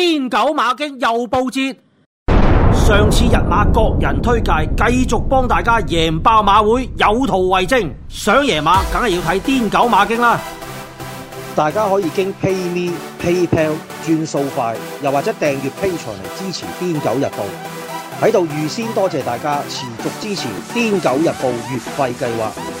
癲狗馬經又報捷，上次日馬各人推介，繼續幫大家贏爆馬會，有圖為證。想贏馬，梗係要睇癲狗馬經啦。大家可以經 PayMe、PayPal 轉數快，又或者訂閱 Pay 牆嚟支持癲狗日報，喺度預先多謝大家持續支持癲狗日報月費計劃。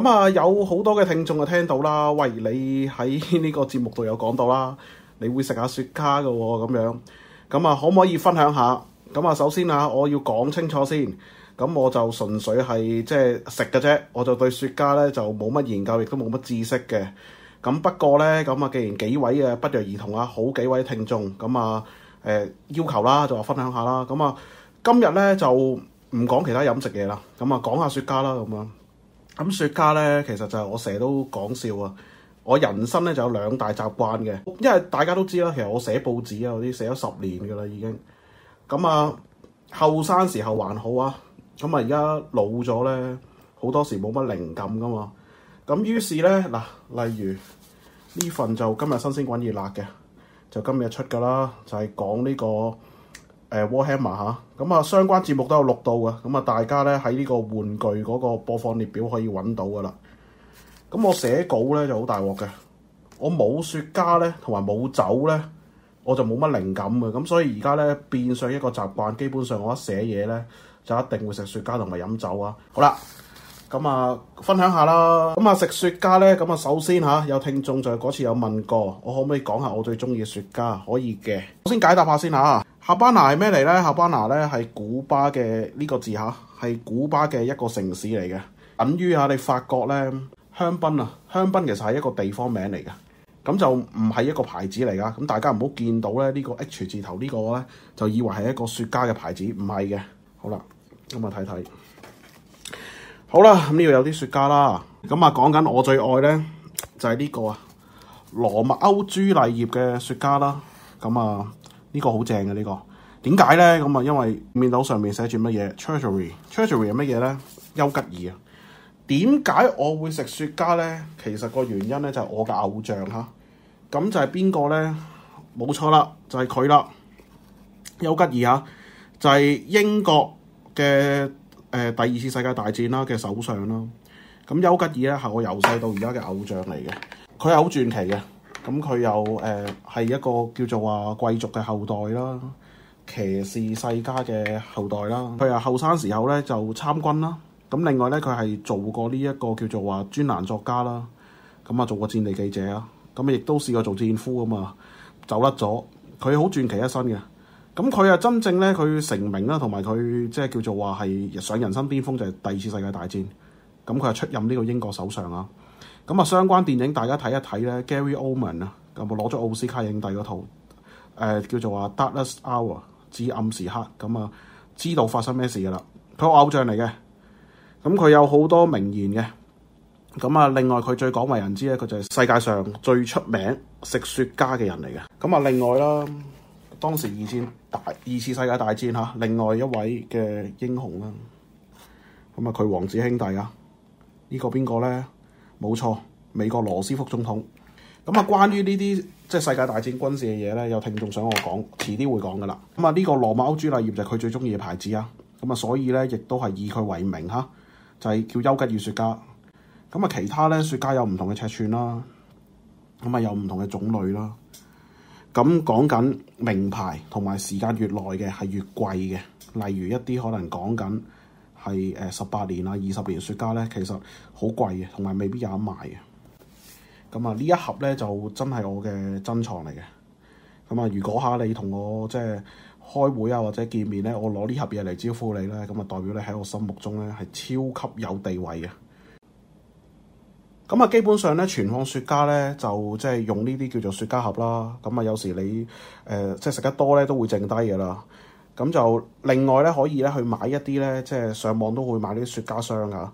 咁啊，有好多嘅聽眾啊聽到啦，喂，你喺呢個節目度有講到啦，你會食下雪茄嘅喎、哦，咁樣，咁啊，可唔可以分享下？咁啊，首先啊，我要講清楚先，咁我就純粹係即係食嘅啫，我就對雪茄咧就冇乜研究，亦都冇乜知識嘅。咁不過咧，咁啊，既然幾位啊不約而同啊，好幾位聽眾咁啊，誒、呃、要求啦，就話分享下啦。咁啊，今日咧就唔講其他飲食嘢啦，咁啊講下雪茄啦，咁樣。咁雪茄咧，其實就係我成日都講笑啊！我人生咧就有兩大習慣嘅，因為大家都知啦。其實我寫報紙啊，嗰啲寫咗十年㗎喇，已經咁啊。後生時候還好啊，咁啊而家老咗咧，好多時冇乜靈感噶嘛。咁於是咧嗱，例如呢份就今日新鮮滾熱辣嘅，就今日出噶啦，就係、是、講呢、這個。誒 Warhammer 嚇，咁啊，啊相關節目都有錄到嘅，咁啊大家咧喺呢個玩具嗰個播放列表可以揾到噶啦。咁、啊、我寫稿咧就好大鑊嘅，我冇雪茄咧，同埋冇酒咧，我就冇乜靈感嘅，咁、啊、所以而家咧變相一個習慣，基本上我一寫嘢咧就一定會食雪茄同埋飲酒啊。好啦，咁啊分享下啦，咁啊食雪茄咧，咁啊首先嚇、啊、有聽眾就係嗰次有問過，我可唔可以講下我最中意嘅雪茄？可以嘅，我先解答下先嚇、啊。哈巴拿係咩嚟咧？哈巴拿咧係古巴嘅呢、這個字吓，係古巴嘅一個城市嚟嘅。等於啊，你發覺咧香檳啊，香檳其實係一個地方名嚟嘅，咁就唔係一個牌子嚟噶。咁大家唔好見到咧呢、這個 H 字頭個呢個咧，就以為係一個雪茄嘅牌子，唔係嘅。好啦，咁啊睇睇。好啦，咁呢度有啲雪茄啦。咁啊，講緊我最愛咧就係、是、呢、這個啊羅密歐朱麗葉嘅雪茄啦。咁啊～呢個好正嘅呢個，點解呢？咁啊，因為面頭，上面寫住乜嘢？Treasury，Treasury 係乜嘢呢？丘吉爾啊，點解我會食雪茄呢？其實個原因呢，就係我嘅偶像哈，咁就係邊個呢？冇錯啦，就係佢啦，丘吉爾啊，就係英國嘅、呃、第二次世界大戰啦嘅首相啦，咁丘吉爾呢，係我由細到而家嘅偶像嚟嘅，佢係好傳奇嘅。咁佢又誒係、呃、一個叫做話貴族嘅後代啦，騎士世家嘅後代啦。佢啊後生時候咧就參軍啦。咁另外咧佢係做過呢一個叫做話專欄作家啦。咁啊做過戰地記者啊。咁亦都試過做戰俘啊嘛。走甩咗。佢好傳奇一生嘅。咁佢啊真正咧佢成名啦，同埋佢即係叫做話係上人生巔峰就係、是、第二次世界大戰。咁佢啊出任呢個英國首相啊。咁啊，相關電影大家睇一睇咧。Gary Oldman 啊，有冇攞咗奧斯卡影帝嗰套？誒、呃，叫做《啊 Darkest Hour》至暗時刻咁啊、嗯，知道發生咩事噶啦？佢偶像嚟嘅，咁佢有好多名言嘅。咁、嗯、啊，另外佢最廣為人知咧，佢就係世界上最出名食雪茄嘅人嚟嘅。咁、嗯、啊，另外啦，當時二戰大二次世界大戰吓，另外一位嘅英雄啦。咁、嗯、啊，佢王子兄弟啊？這個、呢個邊個咧？冇錯，美國羅斯福總統。咁啊，關於呢啲即係世界大戰軍事嘅嘢咧，有聽眾想我講，遲啲會講噶啦。咁啊，呢、這個羅馬歐朱麗葉就係佢最中意嘅牌子啊。咁啊，所以咧，亦都係以佢為名吓，就係、是、叫邱吉爾雪茄。咁啊，其他咧雪茄有唔同嘅尺寸啦，咁啊，有唔同嘅種類啦。咁講緊名牌同埋時間越耐嘅係越貴嘅，例如一啲可能講緊，係誒十八年啊，二十年雪茄咧，其實好貴嘅，同埋未必有得賣嘅。咁啊，呢一盒咧就真係我嘅珍藏嚟嘅。咁啊，如果下你同我即係開會啊，或者見面咧，我攞呢盒嘢嚟招呼你咧，咁啊代表你喺我心目中咧係超級有地位嘅。咁啊，基本上咧，存放雪茄咧就即係用呢啲叫做雪茄盒啦。咁啊，有時你誒、呃、即係食得多咧，都會剩低嘅啦。咁就另外咧，可以咧去買一啲咧，即係上網都會買啲雪茄箱啊。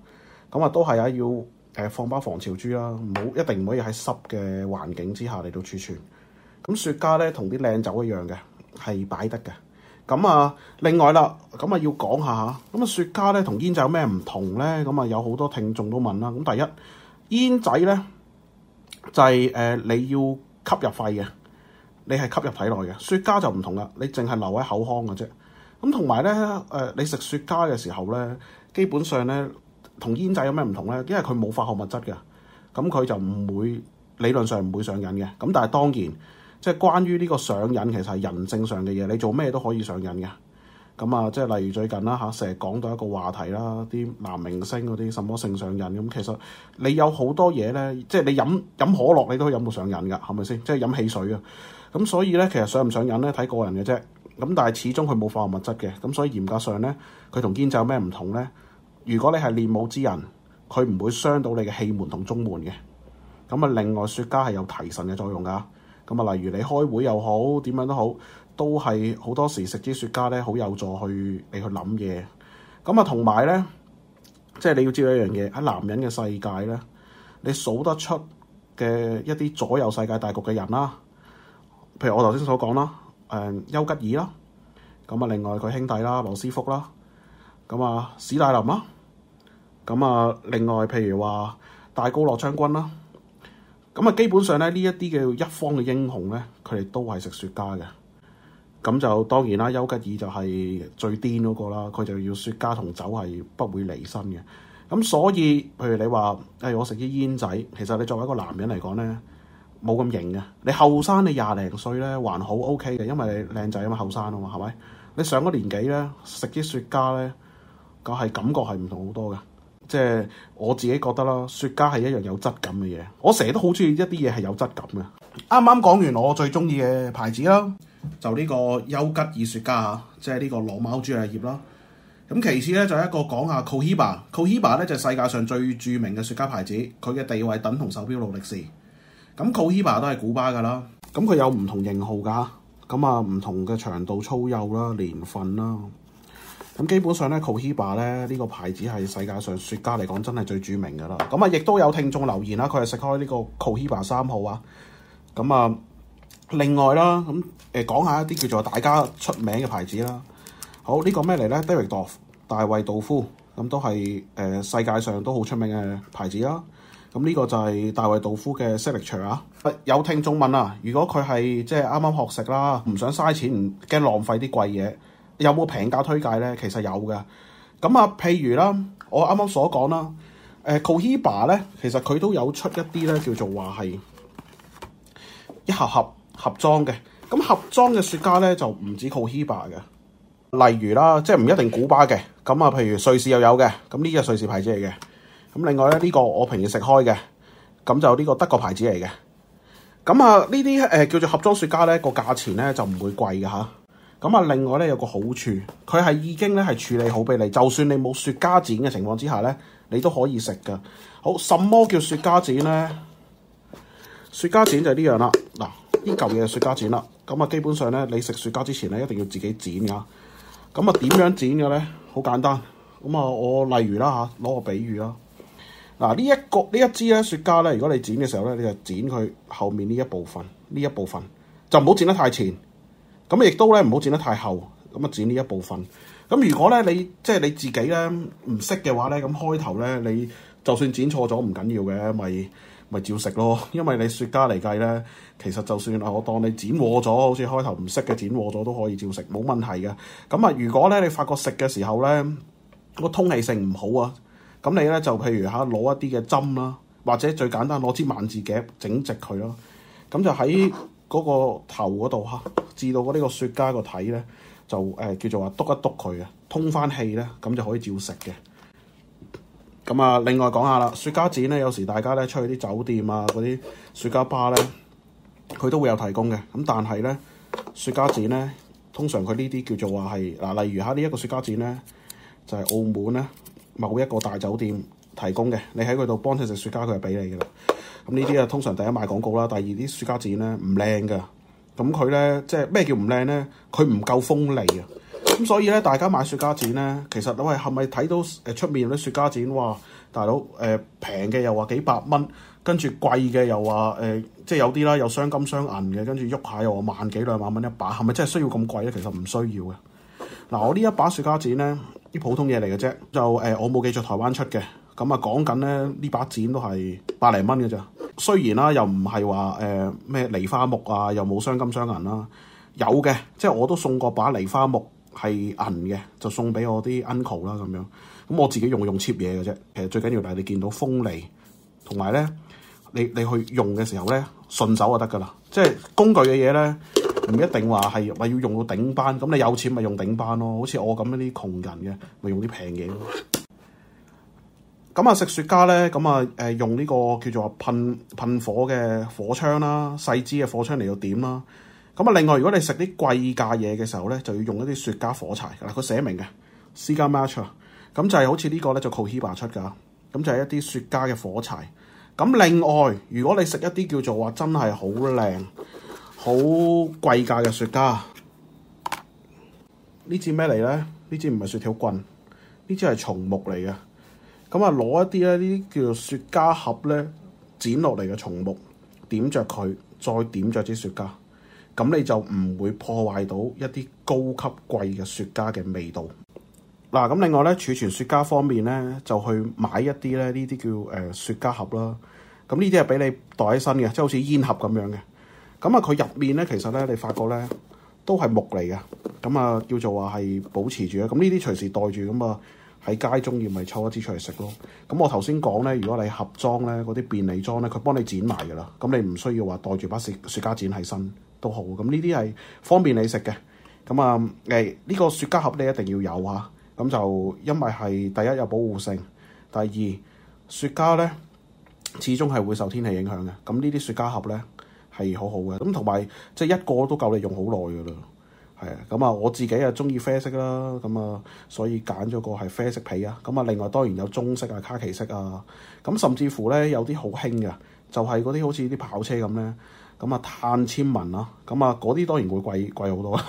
咁啊，都係啊，要誒放包防潮珠啦，唔好一定唔可以喺濕嘅環境之下嚟到儲存。咁、啊、雪茄咧，同啲靚酒一樣嘅，係擺得嘅。咁啊，另外啦，咁啊要講下嚇。咁啊，雪茄咧同煙仔有咩唔同咧？咁啊，有好多聽眾都問啦。咁、啊、第一，煙仔咧就係、是、誒、呃、你要吸入肺嘅。你係吸入體內嘅，雪茄就唔同啦，你淨係留喺口腔嘅啫。咁同埋咧，誒、呃、你食雪茄嘅時候咧，基本上咧同煙仔有咩唔同咧？因為佢冇化學物質嘅，咁佢就唔會理論上唔會上癮嘅。咁但係當然，即、就、係、是、關於呢個上癮，其實係人性上嘅嘢，你做咩都可以上癮嘅。咁啊，即係例如最近啦嚇，成日講到一個話題啦，啲男明星嗰啲什麼性上癮咁，其實你有好多嘢咧，即係你飲飲可樂你都可以飲到上癮噶，係咪先？即係飲汽水啊！咁所以咧，其實上唔上癮咧睇個人嘅啫。咁但係始終佢冇化學物質嘅，咁所以嚴格上咧，佢同煙仔有咩唔同咧？如果你係練武之人，佢唔會傷到你嘅氣門同中門嘅。咁啊，另外雪茄係有提神嘅作用噶。咁啊，例如你開會又好，點樣都好。都係好多時食啲雪茄咧，好有助去你去諗嘢。咁啊，同埋咧，即係你要知道一樣嘢喺男人嘅世界咧，你數得出嘅一啲左右世界大局嘅人啦，譬如我頭先所講啦，誒、呃、丘吉爾啦，咁啊，另外佢兄弟啦，羅斯福啦，咁啊，史大林啦，咁啊，另外譬如話戴高樂將軍啦，咁啊，基本上咧呢一啲嘅一方嘅英雄咧，佢哋都係食雪茄嘅。咁就當然啦，丘吉爾就係最癲嗰個啦。佢就要雪茄同酒係不會離身嘅。咁所以，譬如你話誒，我食啲煙仔，其實你作為一個男人嚟講呢，冇咁型嘅。你後生你廿零歲呢，還好 OK 嘅，因為你靚仔啊嘛，後生啊嘛，係咪？你上個年紀呢，食啲雪茄呢，梗係感覺係唔同好多嘅。即係我自己覺得啦，雪茄係一樣有質感嘅嘢。我成日都好中意一啲嘢係有質感嘅。啱啱講完我最中意嘅牌子啦。就呢個優吉爾雪茄啊，即係呢個羅貓朱麗葉啦。咁其次咧就係一個講下 Cohiba，Cohiba 咧就係、世界上最著名嘅雪茄牌子，佢嘅地位等同手錶勞力士。咁 Cohiba 都係古巴噶啦。咁佢有唔同型號噶，咁啊唔同嘅長度粗幼啦、年份啦。咁基本上咧 Cohiba 咧呢、呢個牌子係世界上雪茄嚟講真係最著名噶啦。咁啊，亦都有聽眾留言啦，佢係食開呢個 Cohiba 三號啊。咁啊～另外啦，咁誒、呃、講一下一啲叫做大家出名嘅牌子啦。好，這個、呢個咩嚟咧？Davidoff 大衛道夫咁都係誒、呃、世界上都好出名嘅牌子啦。咁呢個就係大衛道夫嘅 Ceramic 啊。有聽眾問啊，如果佢係即係啱啱學食啦，唔想嘥錢，唔驚浪費啲貴嘢，有冇平價推介咧？其實有嘅。咁啊，譬如啦、啊，我啱啱所講啦，誒、呃、Cohiba 咧，其實佢都有出一啲咧，叫做話係一盒盒。盒裝嘅，咁盒裝嘅雪茄咧，就唔止 Cohiba 嘅，例如啦，即係唔一定古巴嘅咁啊。譬如瑞士又有嘅，咁呢個瑞士牌子嚟嘅咁。另外咧呢個我平時食開嘅咁就呢個德國牌子嚟嘅咁啊。呢啲誒叫做盒裝雪茄咧，個價錢咧就唔會貴嘅吓。咁啊。另外咧有個好處，佢係已經咧係處理好俾你，就算你冇雪茄剪嘅情況之下咧，你都可以食嘅。好，什麼叫雪茄剪咧？雪茄剪就呢樣啦。呢舊嘢雪茄剪啦，咁啊基本上咧，你食雪茄之前咧，一定要自己剪噶。咁啊點樣剪嘅咧？好簡單。咁啊我例如啦嚇，攞個比喻啦。嗱、這、呢、個、一個呢一支咧雪茄咧，如果你剪嘅時候咧，你就剪佢後面呢一部分，呢一部分就唔好剪得太前。咁亦都咧唔好剪得太後。咁啊剪呢一部分。咁如果咧你即係你自己咧唔識嘅話咧，咁開頭咧你就算剪錯咗唔緊要嘅，咪～咪照食咯，因為你雪茄嚟計咧，其實就算係我當你剪禍咗，好似開頭唔識嘅剪禍咗都可以照食，冇問題嘅。咁啊，如果咧你發覺食嘅時候咧，個通氣性唔好啊，咁你咧就譬如嚇攞一啲嘅針啦，或者最簡單攞支萬字夾整直佢咯。咁就喺嗰個頭嗰度嚇，至到呢個雪茄個體咧，就誒、呃、叫做話篤一篤佢啊，通翻氣咧，咁就可以照食嘅。咁啊，另外講下啦，雪茄剪咧，有時大家咧出去啲酒店啊，嗰啲雪茄吧咧，佢都會有提供嘅。咁但係咧，雪茄剪咧，通常佢呢啲叫做話係嗱，例如吓呢一個雪茄剪咧，就係澳門咧某一個大酒店提供嘅，你喺佢度幫佢食雪茄，佢就俾你噶啦。咁呢啲啊，通常第一賣廣告啦，第二啲雪茄剪咧唔靚噶。咁佢咧即係咩叫唔靚咧？佢唔夠鋒利啊！咁所以咧，大家買雪茄剪咧，其實喂係咪睇到誒出、呃、面啲雪茄剪哇？大佬誒平嘅又話幾百蚊，跟住貴嘅又話誒、呃，即係有啲啦，有雙金雙銀嘅，跟住喐下又話萬幾兩萬蚊一把，係咪真係需要咁貴咧？其實唔需要嘅。嗱，我呢一把雪茄剪咧，啲普通嘢嚟嘅啫。就誒、呃，我冇記住台灣出嘅咁啊。講緊咧呢把剪都係百零蚊嘅啫。雖然啦，又唔係話誒咩梨花木啊，又冇雙金雙銀啦、啊，有嘅即係我都送過把梨花木。係銀嘅，就送俾我啲 uncle 啦咁樣。咁我自己用用切嘢嘅啫。其實最緊要就係你見到鋒利，同埋咧，你你去用嘅時候咧，順手就得噶啦。即係工具嘅嘢咧，唔一定話係咪要用到頂班。咁你有錢咪用頂班咯。好似我咁樣啲窮人嘅，咪用啲平嘢。咁啊，食雪茄咧，咁啊、呢個，誒用呢個叫做噴噴火嘅火槍啦，細支嘅火槍嚟到點啦。咁啊！另外，如果你食啲貴價嘢嘅時候咧，就要用一啲雪茄火柴嗱。佢寫明嘅，Cigar Match。咁就係好似呢個咧，就 Cohiba 出噶。咁就係一啲雪茄嘅火柴。咁另外，如果你食一啲叫做話真係好靚、好貴價嘅雪茄，呢支咩嚟咧？呢支唔係雪條棍，呢支係松木嚟嘅。咁啊，攞一啲咧，呢啲叫做雪茄盒咧剪落嚟嘅松木，點着佢，再點着支雪茄。咁你就唔會破壞到一啲高級貴嘅雪茄嘅味道嗱。咁、啊、另外咧，儲存雪茄方面咧，就去買一啲咧呢啲叫誒、呃、雪茄盒啦。咁呢啲係俾你袋喺身嘅，即係好似煙盒咁樣嘅。咁啊，佢入面咧，其實咧，你發覺咧都係木嚟嘅。咁啊，叫做話係保持住嘅。咁呢啲隨時袋住咁啊，喺街中要咪抽一支出嚟食咯。咁、啊、我頭先講咧，如果你盒裝咧嗰啲便利裝咧，佢幫你剪埋㗎啦。咁你唔需要話袋住把雪雪茄剪喺身。都好，咁呢啲係方便你食嘅。咁啊，誒、這、呢個雪茄盒你一定要有啊。咁就因為係第一有保護性，第二雪茄呢始終係會受天氣影響嘅。咁呢啲雪茄盒呢係好好嘅。咁同埋即係一個都夠你用好耐㗎啦。係啊，咁啊我自己啊中意啡色啦，咁啊所以揀咗個係啡色皮啊。咁啊另外當然有棕色啊、卡其色啊。咁甚至乎呢，有啲好興嘅，就係嗰啲好似啲跑車咁呢。咁啊碳纖文啦，咁啊嗰啲當然會貴貴好多啦。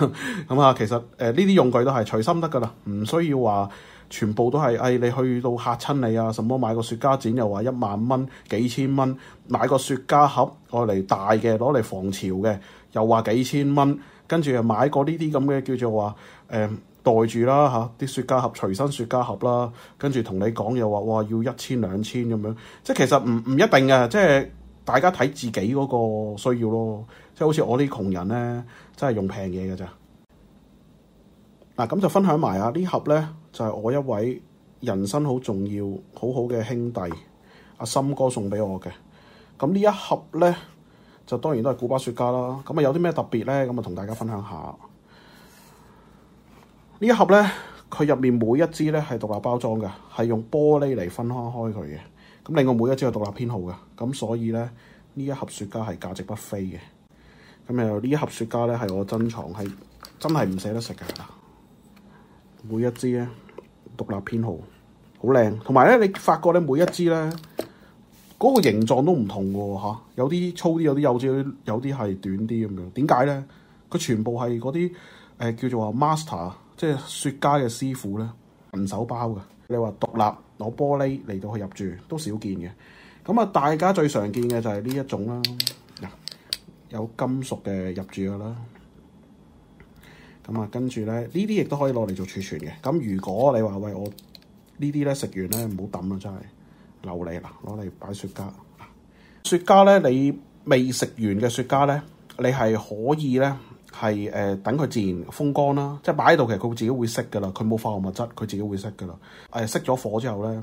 咁 啊其實誒呢啲用具都係隨心得㗎啦，唔需要話全部都係誒、哎、你去到嚇親你啊！什麼買個雪茄剪又話一萬蚊幾千蚊，買個雪茄盒愛嚟大嘅攞嚟防潮嘅，又話幾千蚊，跟住又買個呢啲咁嘅叫做話誒袋住啦嚇，啲、呃啊、雪茄盒隨身雪茄盒啦，跟住同你講又話哇要一千兩千咁樣，即係其實唔唔一定嘅，即係。大家睇自己嗰個需要咯，即係好似我啲窮人咧，真係用平嘢㗎咋。嗱、啊，咁就分享埋啊！盒呢盒咧就係、是、我一位人生好重要、好好嘅兄弟阿森哥送俾我嘅。咁呢一盒咧，就當然都係古巴雪茄啦。咁啊，有啲咩特別咧？咁啊，同大家分享下呢一盒咧，佢入面每一支咧係獨立包裝嘅，係用玻璃嚟分開開佢嘅。咁另外每一支有獨立編號嘅，咁所以咧呢一盒雪茄係價值不菲嘅。咁又呢一盒雪茄咧係我珍藏，係真係唔捨得食嘅。每一支咧獨立編號，好靚。同埋咧你發覺咧每一支咧嗰個形狀都唔同嘅吓，有啲粗啲，有啲幼啲，有啲係短啲咁樣。點解咧？佢全部係嗰啲誒叫做話 Master，即係雪茄嘅師傅咧，人手包嘅。你話獨立？攞玻璃嚟到去入住都少見嘅，咁啊大家最常見嘅就係呢一種啦。嗱，有金屬嘅入住噶啦，咁啊跟住咧呢啲亦都可以攞嚟做儲存嘅。咁如果你話喂，我呢啲咧食完咧唔好抌啦，真係，留你啦攞嚟擺雪茄。雪茄咧你未食完嘅雪茄咧，你係可以咧。係誒等佢自然風乾啦，即係擺喺度，其實佢會自己會熄㗎啦。佢冇化學物質，佢自己會熄㗎啦。誒熄咗火之後咧，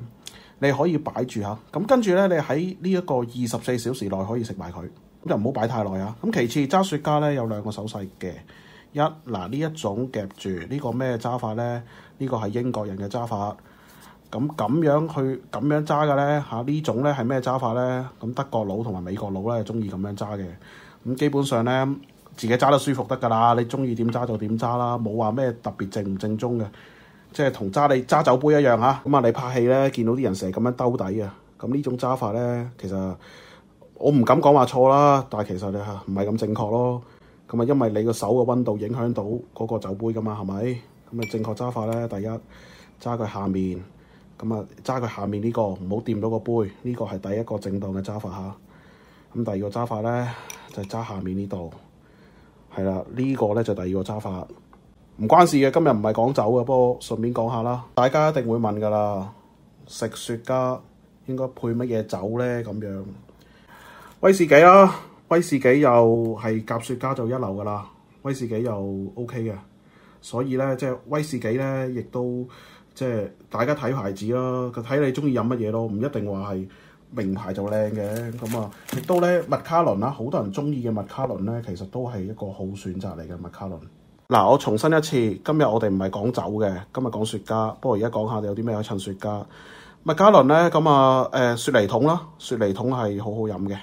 你可以擺住嚇。咁、啊、跟住咧，你喺呢一個二十四小時內可以食埋佢，咁就唔好擺太耐啊。咁其次揸雪茄咧有兩個手勢嘅，一嗱呢、啊、一種夾住、這個、呢、這個咩揸法咧，呢個係英國人嘅揸法。咁、啊、咁樣去咁樣揸嘅咧嚇呢、啊、種咧係咩揸法咧？咁、啊、德國佬同埋美國佬咧中意咁樣揸嘅。咁、啊、基本上咧。自己揸得舒服得㗎啦，你中意點揸就點揸啦，冇話咩特別正唔正宗嘅，即係同揸你揸酒杯一樣嚇。咁啊，你拍戲咧見到啲人成日咁樣兜底呀，咁呢種揸法咧，其實我唔敢講話錯啦，但係其實你嚇唔係咁正確咯。咁啊，因為你個手嘅溫度影響到嗰個酒杯㗎嘛，係咪？咁啊，正確揸法咧，第一揸佢下面，咁啊揸佢下面呢個，唔好掂到個杯，呢個係第一個正當嘅揸法嚇。咁第二個揸法咧就係揸下面呢度。係啦，呢個咧就第二個揸法，唔關事嘅。今日唔係講酒嘅，不過順便講下啦。大家一定會問噶啦，食雪茄應該配乜嘢酒呢？咁樣威士忌啦。威士忌又係夾雪茄就一流噶啦，威士忌又 OK 嘅。所以呢，即係威士忌呢亦都即係大家睇牌子咯，佢睇你中意飲乜嘢咯，唔一定話係。名牌就靚嘅，咁、嗯、啊，亦都咧麥卡倫啦，好多人中意嘅麥卡倫咧，其實都係一個好選擇嚟嘅麥卡倫。嗱，我重申一次，今日我哋唔係講酒嘅，今日講雪茄。不過而家講下有啲咩可以襯雪茄。麥卡倫咧，咁、嗯、啊，誒雪梨桶啦，雪梨桶係好好飲嘅，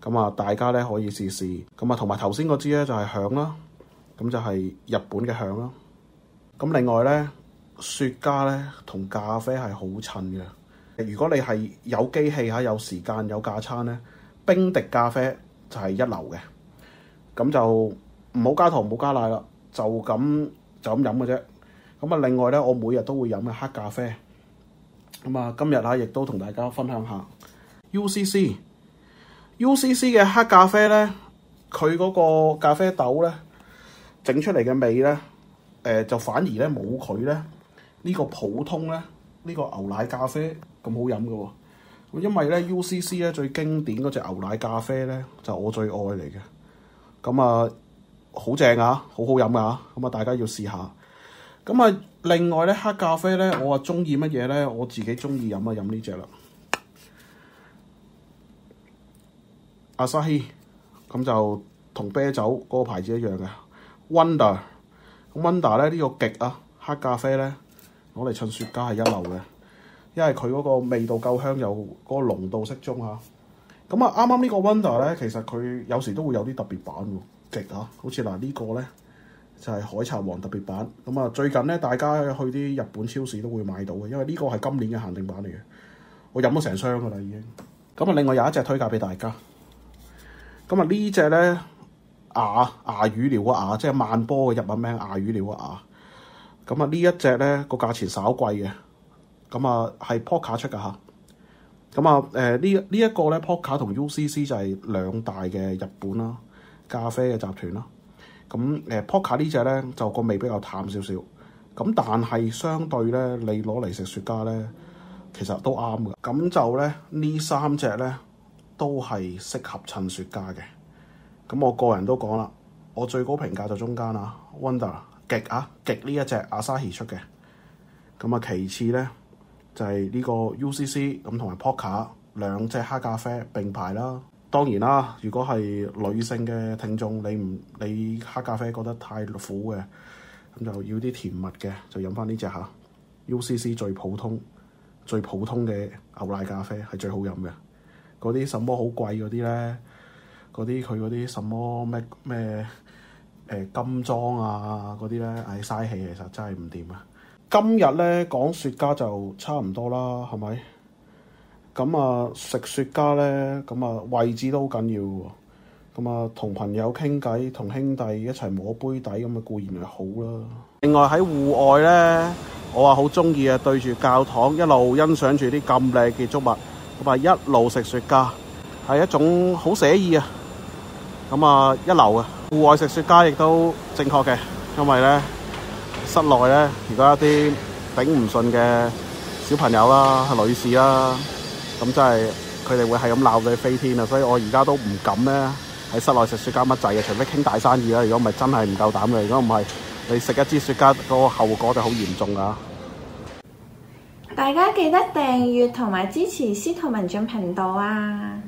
咁、嗯、啊，大家咧可以試試，咁啊同埋頭先嗰支咧就係響啦，咁就係日本嘅響啦。咁、嗯、另外咧，雪茄咧同咖啡係好襯嘅。如果你係有機器嚇、有時間、有架餐咧，冰滴咖啡就係一流嘅，咁就唔好加糖、唔好加奶啦，就咁就咁飲嘅啫。咁啊，另外咧，我每日都會飲嘅黑咖啡。咁啊，今日啊，亦都同大家分享下 UCC、UCC 嘅黑咖啡咧，佢嗰個咖啡豆咧，整出嚟嘅味咧，誒、呃、就反而咧冇佢咧呢、這個普通咧。呢個牛奶咖啡咁好飲㗎喎，因為呢，UCC 呢最經典嗰隻牛奶咖啡呢就我最愛嚟嘅，咁啊好正啊，好好飲啊，咁啊大家要試下。咁啊另外呢，黑咖啡呢，我啊鍾意乜嘢呢，我自己鍾意飲啊飲呢隻啦，阿沙希咁就同啤酒嗰個牌子一樣嘅，Wonder，Wonder 呢呢個極啊黑咖啡呢。我哋趁雪茄係一流嘅，因為佢嗰個味道夠香又嗰個濃度適中嚇。咁啊，啱啱呢個 Wonder 咧，其實佢有時都會有啲特別版喎，極嚇、啊。好似嗱、這個、呢個咧就係、是、海賊王特別版。咁啊，最近咧大家去啲日本超市都會買到嘅，因為呢個係今年嘅限定版嚟嘅。我飲咗成箱㗎啦，已經了了。咁啊，另外有一隻推介俾大家。咁啊，這個、呢隻咧牙牙魚料啊牙，即係曼波嘅日文名牙魚料啊牙。咁啊，一呢一隻咧個價錢稍貴嘅，咁啊係 Pokka 出嘅嚇。咁、嗯、啊，誒呢呢一個咧 Pokka 同 UCC 就係兩大嘅日本啦咖啡嘅集團啦。咁、嗯、誒、嗯、Pokka 呢隻咧就個味比較淡少少，咁但係相對咧你攞嚟食雪茄咧，其實都啱嘅。咁就咧呢三隻咧都係適合襯雪茄嘅。咁我個人都講啦，我最高評價就中間啦，Wonder。極啊，極呢一隻阿沙奇出嘅，咁啊其次呢，就係、是、呢個 UCC 咁同埋 Pokka 兩隻黑咖啡並排啦。當然啦，如果係女性嘅聽眾，你唔你黑咖啡覺得太苦嘅，咁就要啲甜蜜嘅，就飲返呢隻嚇 UCC 最普通最普通嘅牛奶咖啡係最好飲嘅。嗰啲什麼好貴嗰啲呢？嗰啲佢嗰啲什麼咩咩？誒金裝啊，嗰啲咧，唉，嘥氣，其實真係唔掂啊！今日咧講雪茄就差唔多啦，係咪？咁啊，食雪茄咧，咁啊位置都好緊要喎。咁啊，同朋友傾偈，同兄弟一齊摸杯底咁啊，固然係好啦。另外喺戶外咧，我啊好中意啊，對住教堂一路欣賞住啲咁靚嘅建築物，咁啊，一路食雪茄，係一種好寫意啊！咁啊，一流啊。戶外食雪茄亦都正確嘅，因為咧室內咧，而家啲頂唔順嘅小朋友啦、女士啦，咁真係佢哋會係咁鬧你飛天啊！所以我而家都唔敢咧喺室內食雪茄乜滯嘅，除非傾大生意啦。如果唔係，真係唔夠膽嘅。如果唔係，你食一支雪茄，嗰個後果就好嚴重噶。大家記得訂閱同埋支持司徒文進頻道啊！